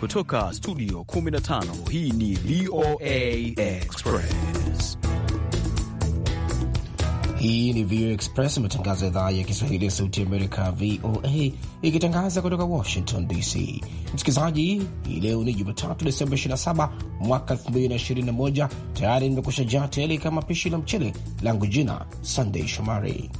Kutoka studio 15 hii ni VOA Express. Hii ni VOA Express, matangazo ya idhaa ya Kiswahili ya sauti Amerika, VOA, ikitangaza kutoka Washington DC. Msikilizaji, hii leo ni Jumatatu, Desemba 27 mwaka 2021. Tayari nimekusha jaa tele kama pishi la mchele langu, jina Sandei Shomari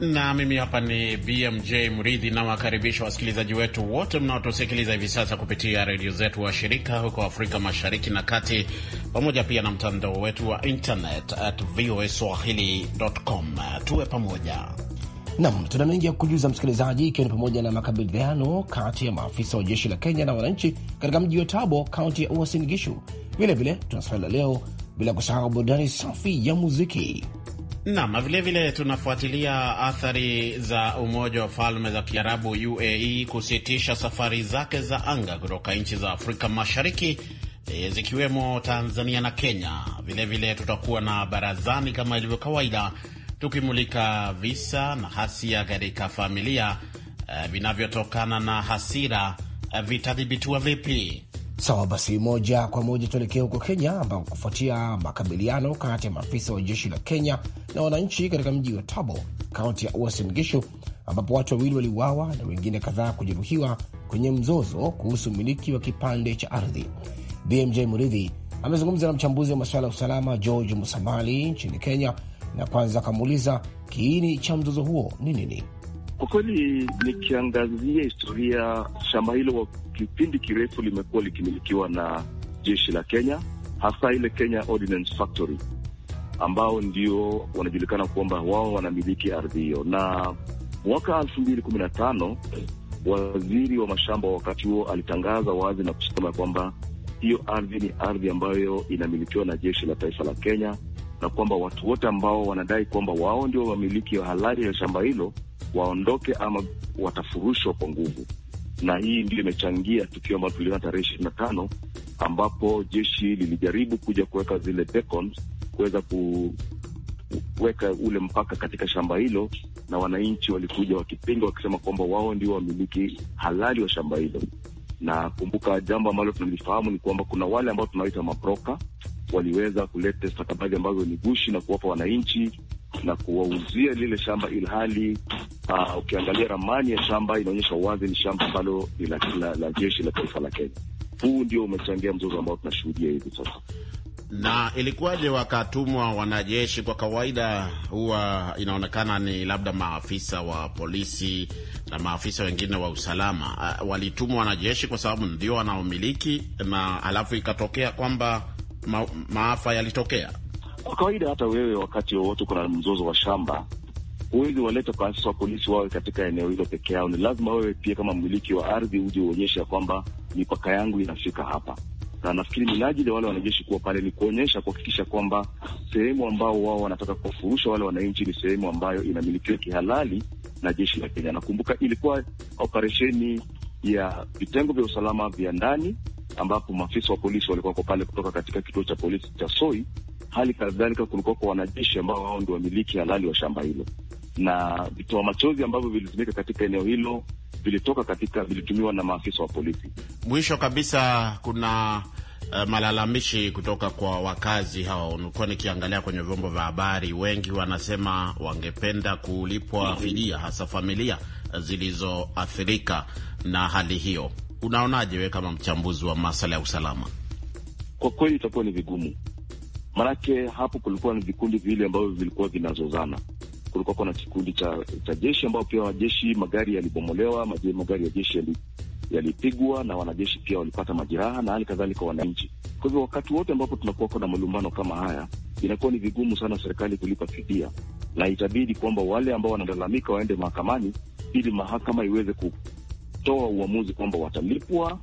na mimi hapa ni BMJ Mridhi, nawakaribisha wasikilizaji wetu wote mnaotusikiliza hivi sasa kupitia redio zetu wa shirika huko Afrika Mashariki na Kati, pamoja pia na mtandao wetu wa internet at voa swahili.com. Tuwe pamoja nam, tuna mengi ya kujuza msikilizaji, ikiwa ni pamoja na makabiliano kati ya maafisa wa jeshi la Kenya na wananchi katika mji wa Tabo, kaunti ya Uasin Gishu. Vilevile tuna swali la leo, bila kusahau burudani safi ya muziki. Naam, vilevile tunafuatilia athari za Umoja wa Falme za Kiarabu UAE kusitisha safari zake za anga kutoka nchi za Afrika Mashariki eh, zikiwemo Tanzania na Kenya. Vilevile vile tutakuwa na barazani kama ilivyo kawaida, tukimulika visa na hasia katika familia eh, vinavyotokana na hasira eh, vitadhibitiwa vipi? Sawa basi, moja kwa moja tuelekee huko Kenya, ambako kufuatia makabiliano kati ya maafisa wa jeshi la Kenya na wananchi katika mji wa Tabo, kaunti ya Uasin Gishu, ambapo watu wawili waliuawa na wengine kadhaa kujeruhiwa kwenye mzozo kuhusu umiliki wa kipande cha ardhi. BMJ Muridhi amezungumza na mchambuzi wa masuala ya usalama George Musamali nchini Kenya, na kwanza akamuuliza kiini cha mzozo huo ni nini? Kwa kweli, nikiangazia historia, shamba hilo kwa kipindi kirefu limekuwa likimilikiwa na jeshi la Kenya, hasa ile Kenya Ordnance Factory ambao ndio wanajulikana kwamba wao wanamiliki ardhi hiyo. Na mwaka elfu mbili kumi na tano waziri wa mashamba wakati huo alitangaza wazi na kusema kwamba hiyo ardhi ni ardhi ambayo inamilikiwa na jeshi la taifa la Kenya, na kwamba watu wote ambao wanadai kwamba wao ndio wamiliki wa halali ya shamba hilo waondoke ama watafurushwa kwa nguvu, na hii ndio imechangia tukio ambalo tuliona tarehe ishirini na tano ambapo jeshi lilijaribu kuja kuweka zile beacons kuweza kuweka ule mpaka katika shamba hilo, na wananchi walikuja wakipinga wakisema kwamba wao ndio wamiliki halali wa shamba hilo. Na kumbuka, jambo ambalo tunalifahamu ni kwamba kuna wale ambao tunawaita mabroka waliweza kuleta stakabadhi ambazo ni gushi na kuwapa wananchi na kuwauzia lile shamba ilhali uh, ukiangalia ramani ya shamba inaonyesha wazi ni shamba ambalo ni la, la, la jeshi la taifa la Kenya. Huu ndio umechangia mzozo ambao tunashuhudia hivi sasa. Na ilikuwaje wakatumwa wanajeshi? Kwa kawaida huwa inaonekana ni labda maafisa wa polisi na maafisa wengine wa usalama ah, walitumwa wanajeshi kwa sababu ndio wanaomiliki, na alafu ikatokea kwamba ma, maafa yalitokea. Kwa kawaida, hata wewe wakati wowote kuna mzozo wa shamba huwezi waleta maafisa wa polisi wawe katika eneo hilo peke yao. Ni lazima wewe pia kama mmiliki wa ardhi uje uonyeshe kwamba mipaka yangu inafika hapa, na nafikiri minajili wale wanajeshi kuwa pale ni kuonyesha, kuhakikisha kwamba sehemu ambao wao wanataka kuwafurusha wale wananchi ni sehemu ambayo inamilikiwa kihalali na jeshi la Kenya. Nakumbuka ilikuwa operesheni ya vitengo vya usalama vya ndani ambapo maafisa wa polisi walikuwa pale kutoka katika kituo cha polisi cha Soi Hali kadhalika kulikuwa kwa wanajeshi ambao wao ndio wamiliki halali wa shamba hilo, na vitoa machozi ambavyo vilitumika katika eneo hilo vilitoka katika, vilitumiwa na maafisa wa polisi. Mwisho kabisa kuna Uh, malalamishi kutoka kwa wakazi hao. Nilikuwa nikiangalia kwenye vyombo vya habari, wengi wanasema wangependa kulipwa fidia, hasa familia zilizoathirika na hali hiyo. Unaonaje wewe kama mchambuzi wa masuala ya usalama? Kwa kweli itakuwa ni vigumu Maanake hapo kulikuwa ni vikundi viwili ambavyo vilikuwa vinazozana. Kulikuwa kuna kikundi cha, cha jeshi ambao pia wajeshi, magari yalibomolewa, magari ya jeshi yalipigwa na wanajeshi pia walipata majeraha na hali kadhalika wananchi. Kwa hivyo wakati wote ambapo tunakuwa kuna malumbano kama haya, inakuwa ni vigumu sana serikali kulipa fidia, na itabidi kwamba wale ambao wanalalamika waende mahakamani ili mahakama iweze kutoa uamuzi kwamba watalipwa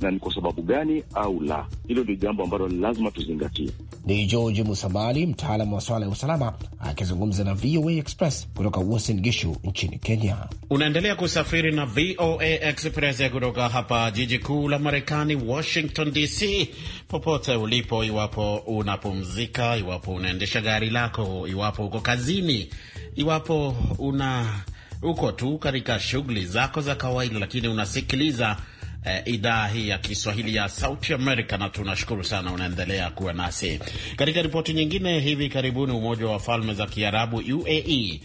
na ni kwa sababu gani au la. Hilo ndio jambo ambalo lazima tuzingatie. Ni George Musamali, mtaalamu wa swala ya usalama, akizungumza na VOA Express kutoka Uasin Gishu nchini Kenya. Unaendelea kusafiri na VOA Express kutoka hapa jiji kuu la Marekani, Washington DC. Popote ulipo, iwapo unapumzika, iwapo unaendesha gari lako, iwapo uko kazini, iwapo una uko tu katika shughuli zako za kawaida, lakini unasikiliza eh, idhaa hii ya Kiswahili ya Sauti Amerika, na tunashukuru sana unaendelea kuwa nasi. Katika ripoti nyingine, hivi karibuni Umoja wa Falme za Kiarabu UAE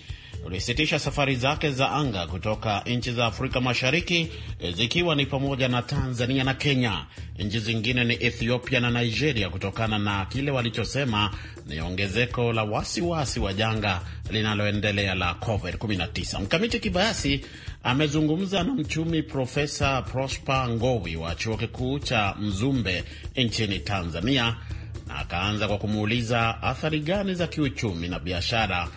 ulisitisha safari zake za anga kutoka nchi za Afrika Mashariki eh, zikiwa ni pamoja na Tanzania na Kenya. Nchi zingine ni Ethiopia na Nigeria kutokana na kile walichosema ni ongezeko la wasiwasi wa janga linaloendelea la COVID-19. Mkamiti Kibayasi amezungumza na mchumi Profesa Prosper Ngowi wa chuo kikuu cha Mzumbe nchini Tanzania, na akaanza kwa kumuuliza athari gani za kiuchumi na biashara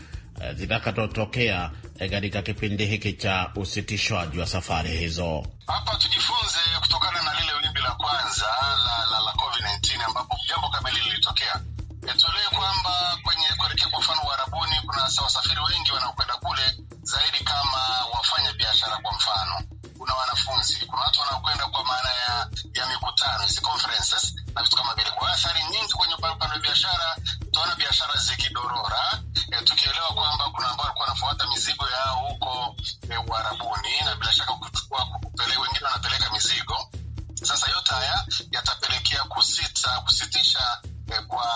eh, zitakazotokea eh, katika kipindi hiki cha usitishwaji wa safari hizo. Hapa tujifunze kutokana na lile wimbi la kwanza la, la, la COVID-19 ambapo jambo kamili lilitokea. Itolee kwamba kwenye kuelekea kwa mfano Uarabuni kuna wasafiri wengi wanaokwenda kule zaidi kama wafanya biashara. Kwa mfano, kuna wanafunzi, kuna watu wanaokwenda kwa maana ya, ya mikutano hizi conferences na vitu kama vile. Kwa athari nyingi kwenye upande wa biashara, tutaona biashara zikidorora, e, tukielewa kwamba kuna ambao walikuwa wanafuata mizigo yao huko e, Uarabuni na bila shaka kuchukua, wengine wanapeleka mizigo. Sasa yote haya yatapelekea kusita kusitisha eh, kwa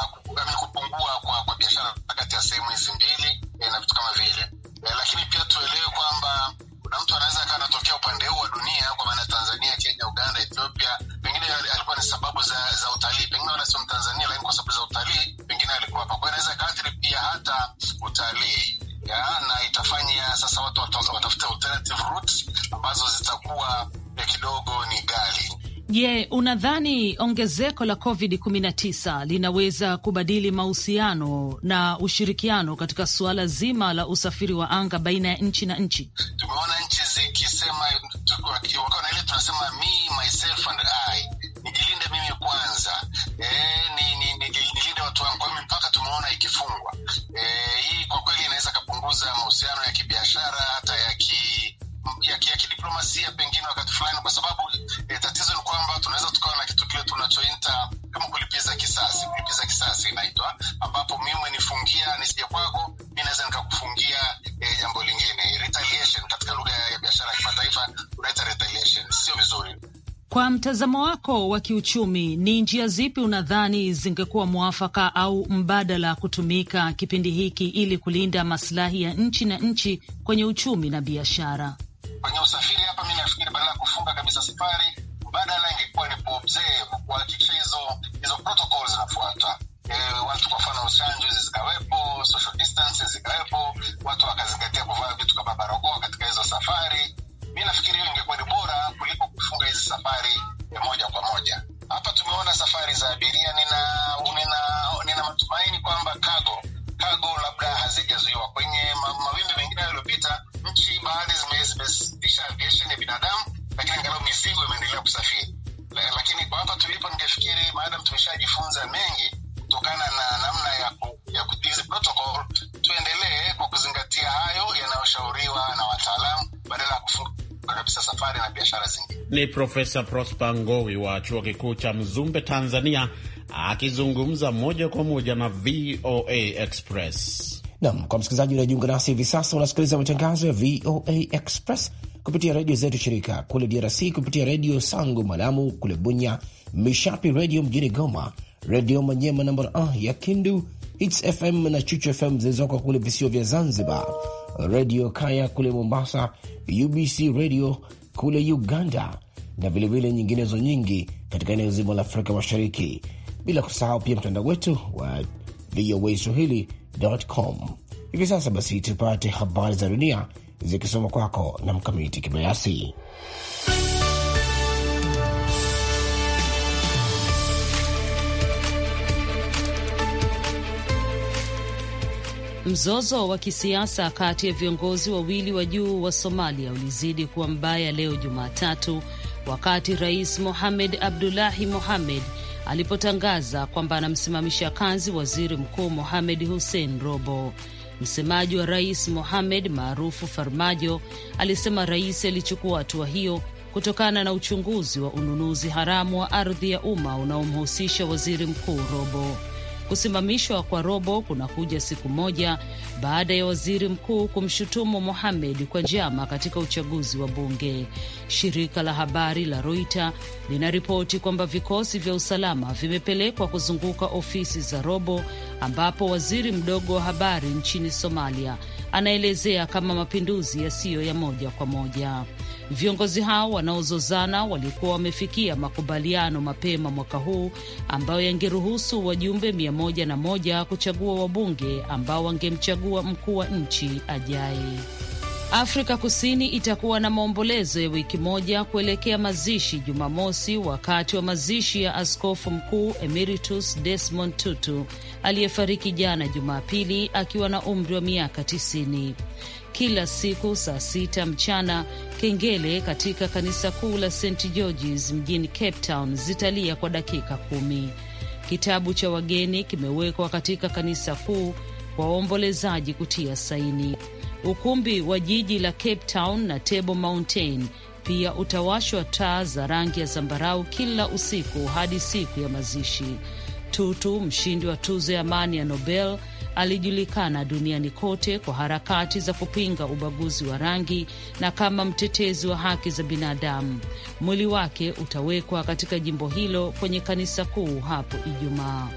kupungua kwa, kwa biashara kati ya sehemu hizi mbili eh, na vitu kama vile eh, lakini pia tuelewe kwamba kuna mtu anaweza akawa anatokea upande huu wa dunia kwa maana Tanzania, Kenya, Uganda, Ethiopia, pengine alikuwa ni sababu za, za utalii, pengine wala sio Mtanzania, lakini kwa sababu za utalii pengine alikuwa hapa. Kwa hiyo inaweza ikaathiri pia hata utalii na itafanya sasa watu watafuta Je, unadhani ongezeko la COVID-19 linaweza kubadili mahusiano na ushirikiano katika suala zima la usafiri wa anga baina ya nchi na nchi? Tumeona nchi zikisema, wakiwa na ile tunasema me myself and I, nijilinde mimi kwanza, e, nijilinde watu wangu. Kwa hiyo mipaka tumeona ikifungwa. E, hii kwa kweli inaweza kapunguza mahusiano ya kibiashara hata ya ki, ya kidiplomasia pengine wakati fulani, kwa sababu E, tatizo ni kwamba tunaweza tukawa na kitu kile tunachoita kama kulipiza kisasi. Kulipiza kisasi inaitwa, ambapo mimi umenifungia nisija kwako, mi naweza nikakufungia e, jambo lingine retaliation. Katika lugha ya biashara ya kimataifa unaita retaliation, sio vizuri. Kwa mtazamo wako wa kiuchumi, ni njia zipi unadhani zingekuwa mwafaka au mbadala kutumika kipindi hiki ili kulinda masilahi ya nchi na nchi kwenye uchumi na biashara? sukari, badala ilikuwa ni mzee kuhakikisha hizo hizo protocol zinafuatwa. E, eh, watu kwa mfano chanjo zikawepo, social distance zikawepo, watu wakazingatia kuvaa vitu kama barakoa katika hizo safari. Mi nafikiri hiyo ingekuwa ni bora kuliko kufunga hizi safari ya eh, moja kwa moja. Hapa tumeona safari za abiria, nina, nina, nina matumaini kwamba cargo cargo labda hazijazuiwa. Kwenye mawimbi mengine yaliyopita, nchi baadhi zimesitisha aviation ya binadamu lakini angalau mizigo imeendelea kusafiri. Lakini kwa hapa tulipo, ningefikiri maadam tumeshajifunza mengi kutokana na namna ya, ku, ya kutizi protocol, tuendelee kwa kuzingatia hayo yanayoshauriwa na wataalamu badala ya kufunga kabisa safari na biashara zingine. Ni Profesa Prosper Ngowi wa chuo kikuu cha Mzumbe, Tanzania, akizungumza moja kwa moja na VOA Express. Nam, kwa msikilizaji unajiunga nasi hivi sasa, unasikiliza matangazo ya VOA Express kupitia redio zetu shirika kule DRC, kupitia redio Sango Malamu kule Bunya, Mishapi redio mjini Goma, redio Manyema namba ya Kindu, Hits FM na Chuchu FM zilizoko kule visio vya Zanzibar, redio Kaya kule Mombasa, UBC redio kule Uganda na vilevile nyinginezo nyingi katika eneo zima la Afrika Mashariki, bila kusahau pia mtandao wetu wa voa swahili.com. Hivi sasa basi tupate habari za dunia zikisoma kwako na Mkamiti Kibayasi. Mzozo wa kisiasa kati ya viongozi wawili wa juu wa Somalia ulizidi kuwa mbaya leo Jumatatu, wakati Rais Mohamed Abdullahi Mohamed alipotangaza kwamba anamsimamisha kazi waziri mkuu Mohamed Hussein Robo. Msemaji wa rais Mohamed maarufu Farmajo alisema rais alichukua hatua hiyo kutokana na uchunguzi wa ununuzi haramu wa ardhi ya umma unaomhusisha waziri mkuu Robo. Kusimamishwa kwa robo kunakuja siku moja baada ya waziri mkuu kumshutumu Mohamed kwa njama katika uchaguzi wa bunge. Shirika la habari la Reuters linaripoti kwamba vikosi vya usalama vimepelekwa kuzunguka ofisi za robo ambapo waziri mdogo wa habari nchini Somalia anaelezea kama mapinduzi yasiyo ya moja kwa moja. Viongozi hao wanaozozana walikuwa wamefikia makubaliano mapema mwaka huu ambayo yangeruhusu wajumbe mia moja na moja kuchagua wabunge ambao wangemchagua mkuu wa nchi ajaye. Afrika Kusini itakuwa na maombolezo ya wiki moja kuelekea mazishi Jumamosi, wakati wa mazishi ya askofu mkuu Emeritus Desmond Tutu aliyefariki jana Jumapili akiwa na umri wa miaka 90. Kila siku saa sita mchana kengele katika kanisa kuu la St Georges mjini Cape Town zitalia kwa dakika kumi. Kitabu cha wageni kimewekwa katika kanisa kuu kwa waombolezaji kutia saini. Ukumbi wa jiji la Cape Town na Table Mountain pia utawashwa taa za rangi ya zambarau kila usiku hadi siku ya mazishi. Tutu, mshindi wa tuzo ya amani ya Nobel alijulikana duniani kote kwa harakati za kupinga ubaguzi wa rangi na kama mtetezi wa haki za binadamu. Mwili wake utawekwa katika jimbo hilo kwenye kanisa kuu hapo Ijumaa.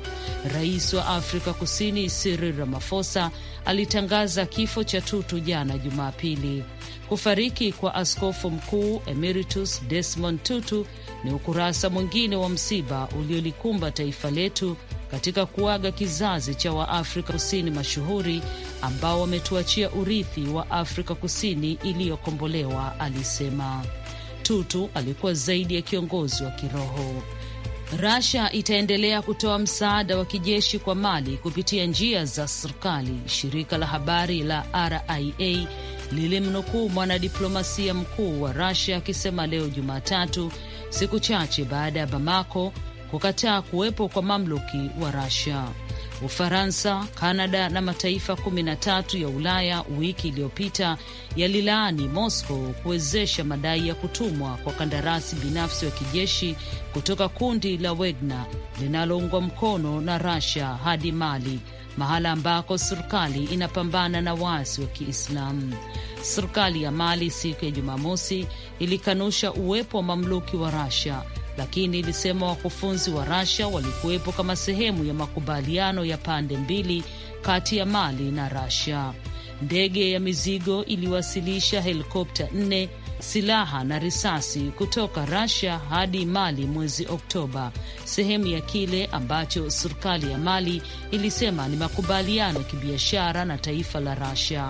Rais wa Afrika Kusini Cyril Ramaphosa alitangaza kifo cha Tutu jana Jumapili. Kufariki kwa askofu mkuu Emeritus Desmond Tutu ni ukurasa mwingine wa msiba uliolikumba taifa letu katika kuaga kizazi cha Waafrika Kusini mashuhuri ambao wametuachia urithi wa Afrika Kusini iliyokombolewa, alisema. Tutu alikuwa zaidi ya kiongozi wa kiroho. Rasia itaendelea kutoa msaada wa kijeshi kwa Mali kupitia njia za serikali. Shirika la habari la RIA lilimnukuu mwanadiplomasia mkuu wa rasia akisema leo Jumatatu, siku chache baada ya Bamako kukataa kuwepo kwa mamluki wa rasia Ufaransa, Kanada na mataifa kumi na tatu ya Ulaya wiki iliyopita yalilaani Moscow kuwezesha madai ya kutumwa kwa kandarasi binafsi wa kijeshi kutoka kundi la Wagner linaloungwa mkono na rasia hadi Mali, mahala ambako serikali inapambana na waasi wa Kiislamu. Serikali ya Mali siku ya Jumamosi ilikanusha uwepo wa mamluki wa rasia lakini ilisema wakufunzi wa Rasia walikuwepo kama sehemu ya makubaliano ya pande mbili kati ya Mali na rasia Ndege ya mizigo iliwasilisha helikopta nne, silaha na risasi kutoka rasia hadi Mali mwezi Oktoba, sehemu ya kile ambacho serikali ya Mali ilisema ni makubaliano ya kibiashara na taifa la rasia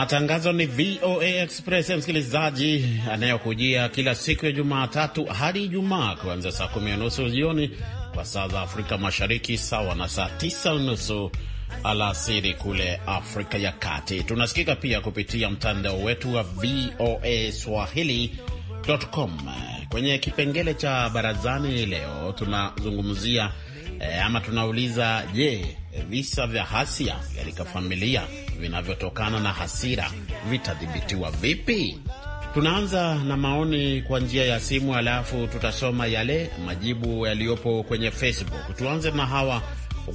Matangazo ni VOA Express, msikilizaji, anayokujia kila siku ya Jumatatu hadi Ijumaa kuanzia saa kumi na nusu jioni kwa saa za Afrika Mashariki, sawa na saa tisa nusu alasiri kule Afrika ya Kati. Tunasikika pia kupitia mtandao wetu wa VOA Swahili.com. Kwenye kipengele cha barazani leo tunazungumzia eh, ama tunauliza je, visa vya hasia katika familia vinavyotokana na hasira vitadhibitiwa vipi? Tunaanza na maoni kwa njia ya simu, alafu tutasoma yale majibu yaliyopo kwenye Facebook. Tuanze na hawa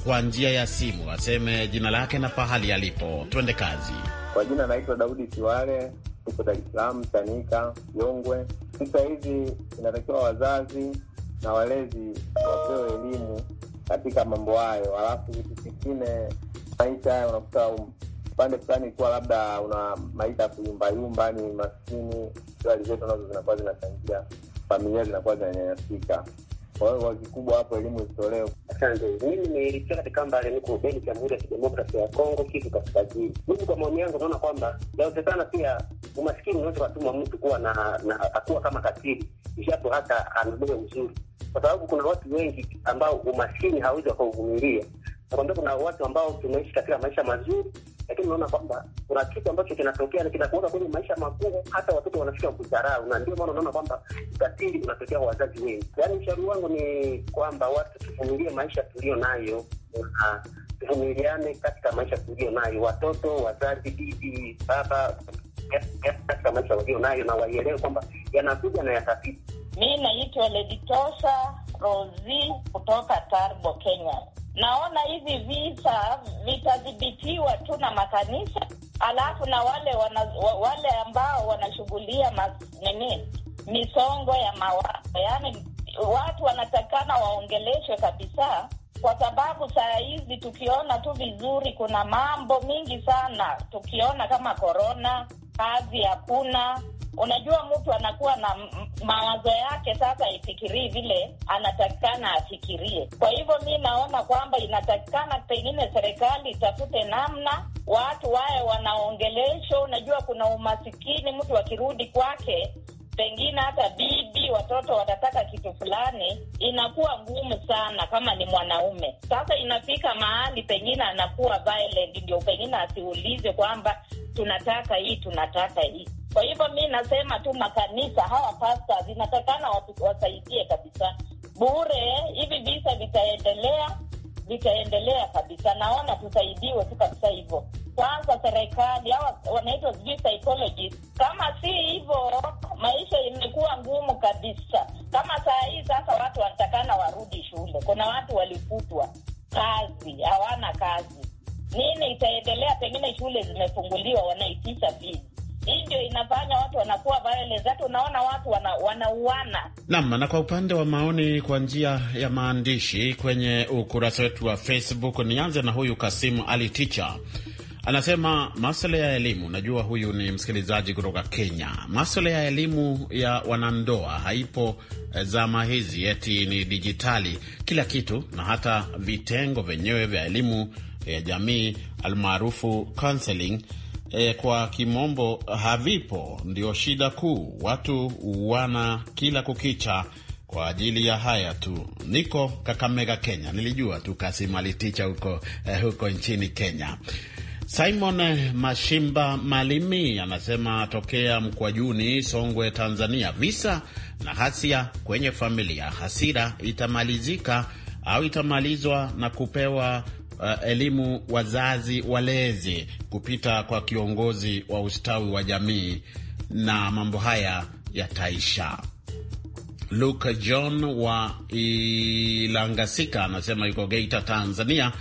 kwa njia ya simu, aseme jina lake na pahali alipo. Twende kazi. Kwa jina naitwa Daudi Siwale, tuko Dar es Salaam, Tanika Yongwe. Sasa hizi inatakiwa wazazi na walezi wapewe elimu katika mambo hayo, alafu vitu vingine maisha haya unakuta upande fulani kuwa labda una maisha ya kuyumbayumba, ni maskini, hali zetu nazo zinakuwa zinachangia, familia zinakuwa zinanyanyasika. Kwa hiyo kwa kikubwa hapo elimu isitolewe. Asante. Mimi nilitoka katika mbale niko Beni, Jamhuri ya Kidemokrasia ya Kongo, Kivu Kaskazini. Mimi kwa maoni yangu naona kwamba yawezekana pia umaskini unaweza ukatuma mtu kuwa na, na akuwa kama katili, japo hata amebeba uzuri, kwa sababu kuna watu wengi ambao umaskini hawezi wakauvumilia. Nakwambia kuna watu ambao tunaishi katika maisha mazuri lakini unaona kwamba kuna kitu ambacho kinatokea na kinakuweka kwenye maisha magumu, hata watoto wanafika kudharau, na ndio maana unaona kwamba ukatili unatokea kwa wazazi wengi. Yaani ushauri wangu ni kwamba watu tuvumilie maisha tuliyo nayo na tuvumiliane katika maisha tuliyo nayo, watoto, wazazi, bibi, baba, katika maisha walio nayo, na waielewe kwamba yanakuja na yatapita. Mi naitwa Leditosa Rosi kutoka Tarbo, Kenya. Naona hivi visa vitadhibitiwa tu na makanisa, alafu na wale wana, wale ambao wanashughulia nini misongo ya mawazo, yaani watu wanatakana waongeleshwe kabisa, kwa sababu saa hizi tukiona tu vizuri, kuna mambo mingi sana tukiona kama korona, kazi hakuna Unajua, mtu anakuwa na mawazo yake, sasa ifikirii vile anatakikana afikirie. Kwa hivyo mi naona kwamba inatakikana pengine serikali itafute namna watu waye wanaongelesho. Unajua, kuna umasikini, mtu akirudi kwake pengine hata bibi watoto watataka kitu fulani, inakuwa ngumu sana kama ni mwanaume. Sasa inafika mahali pengine anakuwa violent, ndio pengine asiulize kwamba tunataka hii, tunataka hii. Kwa hivyo mi nasema tu makanisa hawa pasta zinatakana wasaidie kabisa bure, hivi visa vitaendelea vitaendelea kabisa. Naona tusaidiwe tu kabisa hivyo. Kwanza serikali hawa wanaitwa sijui psychologist, kama si hivyo maisha imekuwa ngumu kabisa. Kama saa hii sasa watu wanatakana warudi shule, kuna watu walifutwa kazi, hawana kazi. Nini itaendelea? Pengine shule zimefunguliwa, wanaitisha vii hii ndio inafanya watu wanakuwa violence, Hata unaona watu wanauana. Naam, na kwa upande wa maoni kwa njia ya maandishi kwenye ukurasa wetu wa Facebook, nianze na huyu Kasimu Ali Ticha anasema masuala ya elimu. Najua huyu ni msikilizaji kutoka Kenya. Masuala ya elimu ya wanandoa haipo eh, zama hizi, eti ni dijitali kila kitu, na hata vitengo vyenyewe vya elimu ya jamii almaarufu counseling e, kwa kimombo havipo, ndio shida kuu. Watu wana kila kukicha kwa ajili ya haya tu. Niko Kakamega, Kenya. Nilijua tu Kasimaliticha huko, eh, huko nchini Kenya. Simon Mashimba Malimi anasema tokea Mkwajuni, Songwe, Tanzania, visa na hasia kwenye familia. Hasira itamalizika au itamalizwa na kupewa uh, elimu wazazi walezi kupita kwa kiongozi wa ustawi wa jamii na mambo haya yataisha. Luke John wa Ilangasika anasema yuko Geita, Tanzania.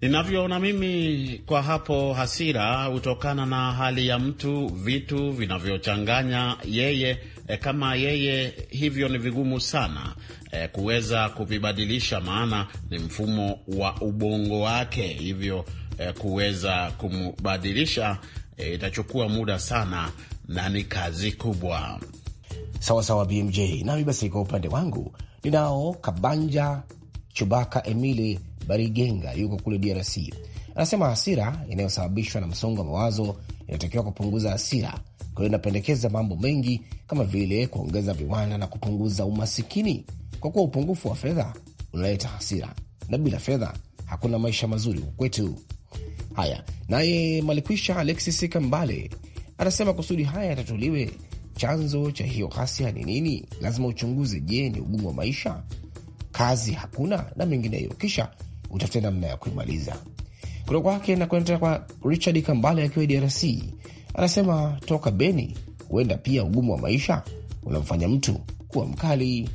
Ninavyoona mimi kwa hapo, hasira hutokana na hali ya mtu, vitu vinavyochanganya yeye e, kama yeye hivyo ni vigumu sana e, kuweza kuvibadilisha, maana ni mfumo wa ubongo wake, hivyo e, kuweza kumbadilisha e, itachukua muda sana na ni kazi kubwa. Sawa sawa, BMJ. Nami basi kwa upande wangu ninao Kabanja Chubaka Emili Barigenga, yuko kule DRC. Anasema hasira inayosababishwa na msongo wa mawazo inatakiwa kupunguza hasira kwa hiyo inapendekeza mambo mengi kama vile kuongeza viwanda na kupunguza umasikini, kwa kuwa upungufu wa fedha unaleta hasira, na bila fedha hakuna maisha mazuri kwetu. Haya, naye malikwisha Alexis Kambale anasema kusudi haya yatatuliwe, chanzo cha hiyo ghasia ni nini? Lazima uchunguze. Je, ni ugumu wa maisha, kazi hakuna na mengineyo, kisha utafute namna ya kuimaliza. Kutoka kwake nakwenda kwa Richard Kambale akiwa DRC Anasema toka Beni, huenda pia ugumu wa maisha unamfanya mtu kuwa mkali.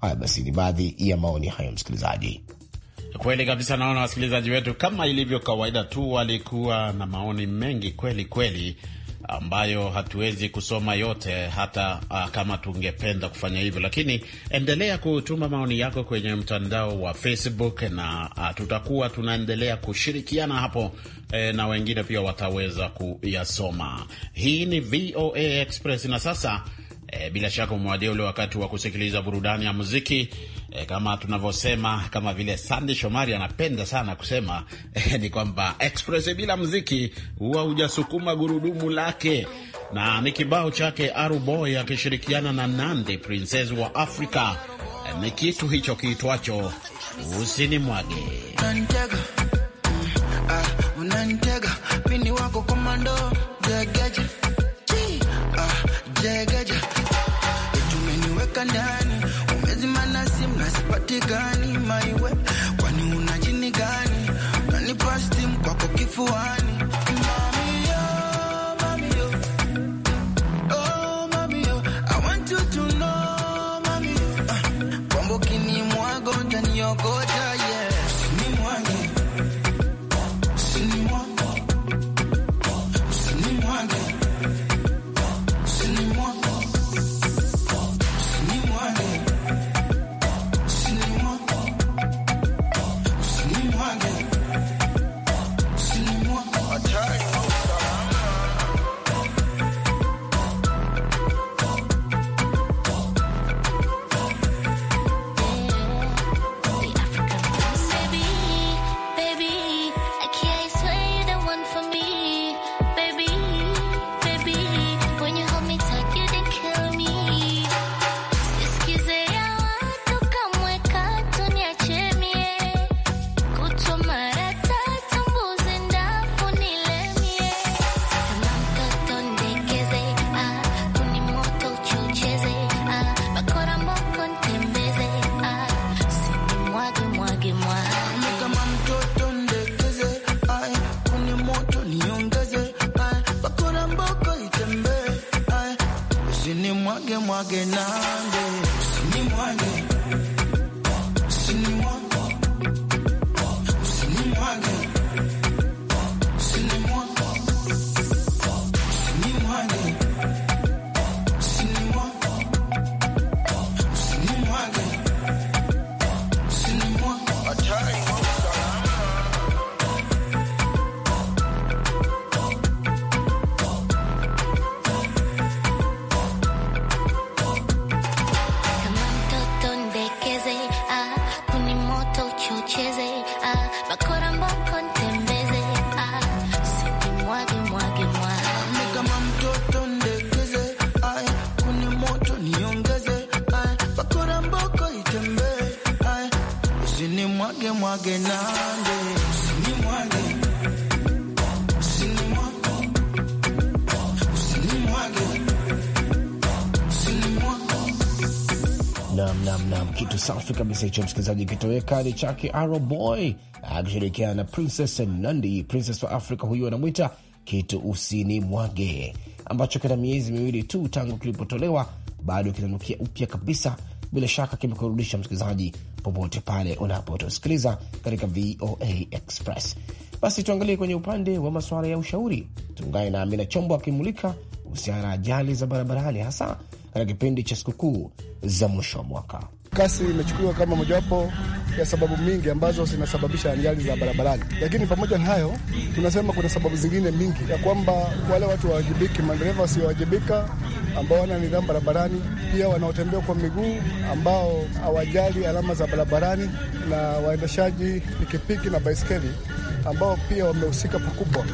Haya basi, ni baadhi ya maoni hayo, msikilizaji. Kweli kabisa, naona wasikilizaji wetu kama ilivyo kawaida tu walikuwa na maoni mengi kweli kweli ambayo hatuwezi kusoma yote hata uh, kama tungependa kufanya hivyo, lakini endelea kutuma maoni yako kwenye mtandao wa Facebook na uh, tutakuwa tunaendelea kushirikiana hapo e, na wengine pia wataweza kuyasoma. Hii ni VOA Express na sasa e, bila shaka umewadia ule wakati wa kusikiliza burudani ya muziki e, kama tunavyosema, kama vile Sandy Shomari anapenda sana kusema e, ni kwamba Express bila muziki huwa hujasukuma gurudumu lake na ni kibao chake Aruboy akishirikiana na Nandi Princess wa Afrika ni kitu hicho kiitwacho usinimwage unanitega mini wako komando jagaja again now. nimwage nande, kitu safi kabisa hicho, msikilizaji, kitoweka ni chake Arrow Boy akishirikiana na Princess Nandi, princess wa Afrika huyu anamwita kitu usini mwage, ambacho kina miezi miwili tu tangu kilipotolewa, bado kinanukia upya kabisa bila shaka kimekurudisha msikilizaji, popote pale unapotusikiliza katika VOA Express. Basi tuangalie kwenye upande wa masuala ya ushauri, tuungane na Amina Chombo akimulika kuhusiana na ajali za barabarani, hasa katika kipindi cha sikukuu za mwisho wa mwaka. Kasi imechukuliwa kama mojawapo ya sababu mingi ambazo zinasababisha ajali za barabarani, lakini pamoja na hayo, tunasema kuna sababu zingine mingi ya kwamba wale watu wawajibiki, madereva wasiowajibika ambao wana nidhamu barabarani, pia wanaotembea kwa miguu ambao hawajali alama za barabarani, na waendeshaji pikipiki na baiskeli ambao pia wamehusika pakubwa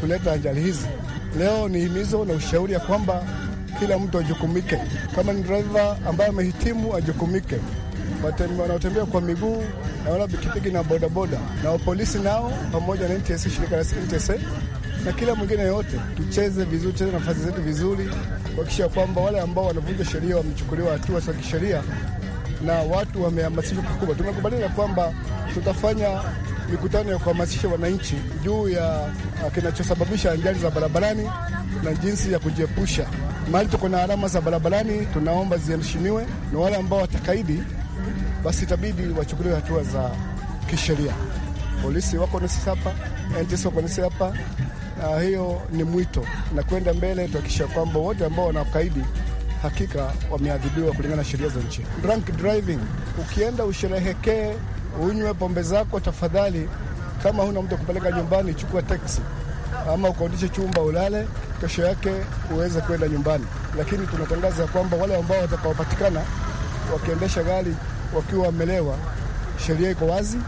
kuleta ajali hizi. Leo ni himizo na ushauri ya kwamba kila mtu ajukumike. Kama ni dereva ambaye amehitimu ajukumike, wanaotembea kwa miguu na wala pikipiki na bodaboda, na wapolisi nao pamoja na NTSA, shirika la NTSA na kila mwingine yote, Tucheze vizuri, tucheze nafasi zetu vizuri, kuhakikisha kwamba wale ambao wanavunja sheria wamechukuliwa hatua za kisheria na watu wamehamasishwa pakubwa. Tumekubaliana kwamba tutafanya mikutano ya kuhamasisha wananchi juu ya ah, kinachosababisha ajali za barabarani na jinsi ya kujiepusha. Mahali tuko na alama za barabarani, tunaomba ziheshimiwe, na wale ambao watakaidi, basi itabidi wachukuliwe hatua za kisheria. Polisi wako nasi hapa, NTS wako nasi hapa, Uh, hiyo ni mwito na kwenda mbele, tuhakikisha kwamba wote ambao wanakaidi hakika wameadhibiwa kulingana na sheria za nchi. Drunk driving, ukienda usherehekee, unywe pombe zako, tafadhali, kama huna mtu kupeleka nyumbani, chukua teksi ama ukaondishe chumba ulale, kesho yake uweze kwenda nyumbani. Lakini tunatangaza kwamba wale ambao watakaopatikana wakiendesha gari wakiwa wamelewa, sheria iko wazi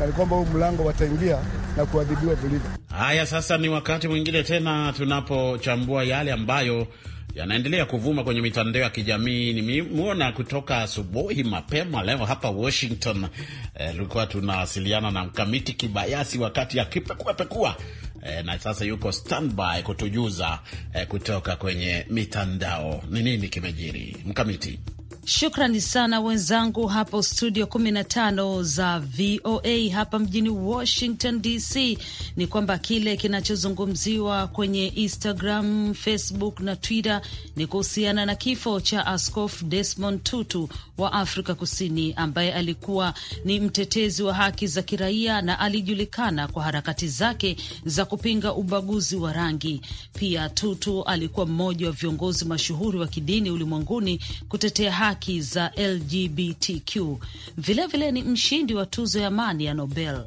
na ni kwamba huu mlango wataingia na kuadhibiwa vilivyo. Haya, sasa ni wakati mwingine tena tunapochambua yale ambayo yanaendelea kuvuma kwenye mitandao ya kijamii. Nimemwona kutoka asubuhi mapema leo hapa Washington, eh, tulikuwa eh, tunawasiliana na mkamiti Kibayasi wakati akipekuapekua eh, na sasa yuko standby kutujuza eh, kutoka kwenye mitandao ni nini kimejiri. Mkamiti Shukrani sana wenzangu hapo studio 15 za VOA hapa mjini Washington DC. Ni kwamba kile kinachozungumziwa kwenye Instagram, Facebook na Twitter ni kuhusiana na kifo cha Askof Desmond Tutu wa Afrika Kusini, ambaye alikuwa ni mtetezi wa haki za kiraia na alijulikana kwa harakati zake za kupinga ubaguzi wa rangi. Pia Tutu alikuwa mmoja wa viongozi mashuhuri wa kidini ulimwenguni kutetea haki haki za LGBTQ. Vilevile vile ni mshindi wa tuzo ya amani ya Nobel.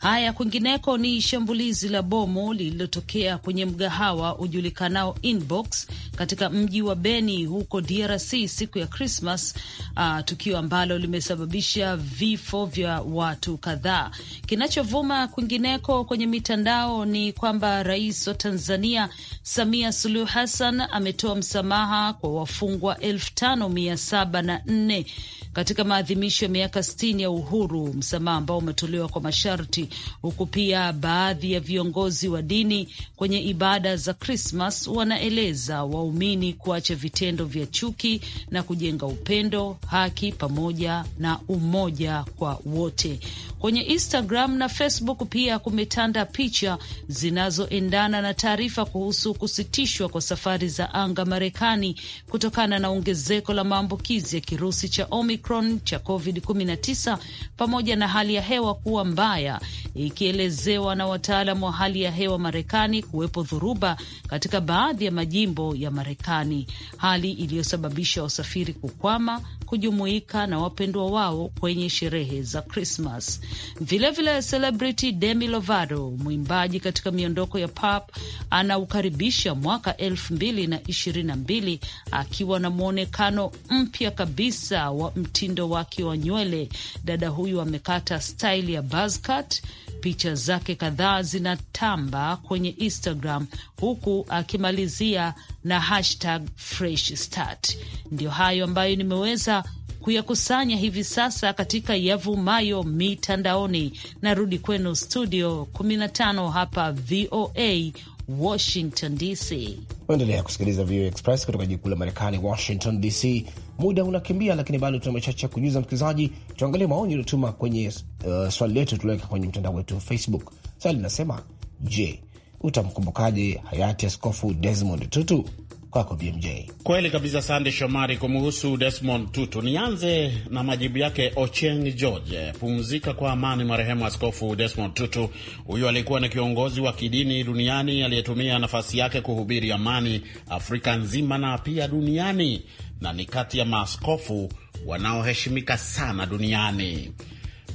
Haya, kwingineko ni shambulizi la bomu lililotokea kwenye mgahawa ujulikanao Inbox katika mji wa Beni huko DRC siku ya Krismas, uh, ah, tukio ambalo limesababisha vifo vya watu kadhaa. Kinachovuma kwingineko kwenye mitandao ni kwamba rais wa Tanzania Samia Suluhu Hassan ametoa msamaha kwa wafungwa elfu tano mia saba na nne katika maadhimisho ya miaka sitini ya uhuru, msamaha ambao umetolewa kwa masharti, huku pia baadhi ya viongozi wa dini kwenye ibada za Krismas wanaeleza waumini kuacha vitendo vya chuki na kujenga upendo, haki pamoja na umoja kwa wote. Kwenye Instagram na Facebook pia kumetanda picha zinazoendana na taarifa kuhusu kusitishwa kwa safari za anga Marekani kutokana na ongezeko la maambukizi ya kirusi cha Omicron Omicron cha COVID-19 pamoja na hali ya hewa kuwa mbaya, ikielezewa na wataalam wa hali ya hewa Marekani kuwepo dhuruba katika baadhi ya majimbo ya Marekani, hali iliyosababisha wasafiri kukwama kujumuika na wapendwa wao kwenye sherehe za Krismas. Vilevile, celebrity Demi Lovato, mwimbaji katika miondoko ya pop, anaukaribisha mwaka elfu mbili na ishirini na mbili akiwa na mwonekano mpya kabisa wa mtindo wake wa nywele. Dada huyu amekata staili ya buzzcut. Picha zake kadhaa zinatamba kwenye Instagram huku akimalizia na hashtag fresh start. Ndio hayo ambayo nimeweza kuyakusanya hivi sasa katika yavumayo mitandaoni. Narudi kwenu studio 15 hapa VOA Washington DC. Unaendelea kusikiliza VOA Express kutoka jiji kuu la Marekani, Washington DC. Muda unakimbia, lakini bado tuna machache ya kujuza msikilizaji. Tuangalie maoni yaliotuma kwenye uh, swali letu tulioweka kwenye mtandao wetu wa Facebook. Swali linasema, je, utamkumbukaje hayati Askofu Desmond Tutu? kwako BMJ. Kweli kabisa, sande Shomari. Kumuhusu Desmond Tutu, nianze na majibu yake Ocheng George. Pumzika kwa amani, marehemu Askofu Desmond Tutu. Huyu alikuwa ni kiongozi wa kidini duniani aliyetumia nafasi yake kuhubiri amani Afrika nzima na pia duniani, na ni kati ya maaskofu wanaoheshimika sana duniani.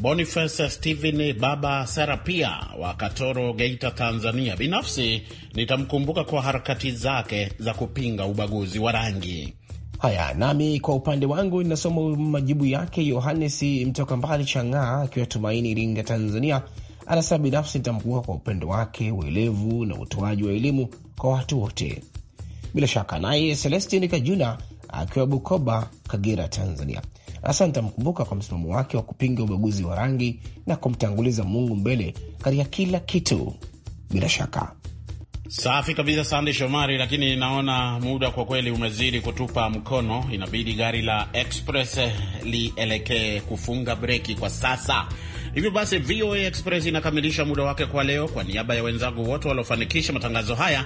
Boniface stehen Baba Sarapia wa Katoro, Geita, Tanzania. Binafsi nitamkumbuka kwa harakati zake za kupinga ubaguzi wa rangi. Haya, nami kwa upande wangu ninasoma majibu yake. Yohanes mtoka mbali Chang'aa akiwa Tumaini, Iringa, Tanzania, anasema binafsi nitamkumbuka kwa upendo wake, uelevu na utoaji wa elimu kwa watu wote. Bila shaka naye Celestin Kajuna akiwa Bukoba, Kagera, Tanzania Hasa nitamkumbuka kwa msimamo wake wa kupinga ubaguzi wa rangi na kumtanguliza Mungu mbele katika kila kitu. Bila shaka safi kabisa, Sande Shomari, lakini naona muda kwa kweli umezidi kutupa mkono. Inabidi gari la express lielekee kufunga breki kwa sasa. Hivyo basi, VOA Express inakamilisha muda wake kwa leo. Kwa niaba ya wenzangu wote waliofanikisha matangazo haya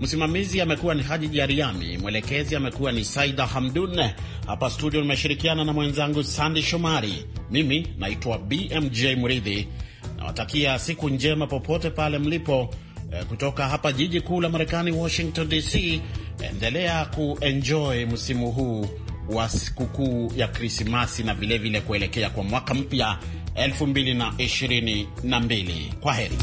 Msimamizi amekuwa ni Haji Jariami, mwelekezi amekuwa ni Saida Hamdun. Hapa studio nimeshirikiana na mwenzangu Sandi Shomari. Mimi naitwa BMJ mridhi nawatakia siku njema popote pale mlipo. Eh, kutoka hapa jiji kuu la Marekani, Washington DC. Endelea kuenjoy msimu huu wa sikukuu ya Krismasi na vilevile kuelekea kwa mwaka mpya 2022. Kwa heri.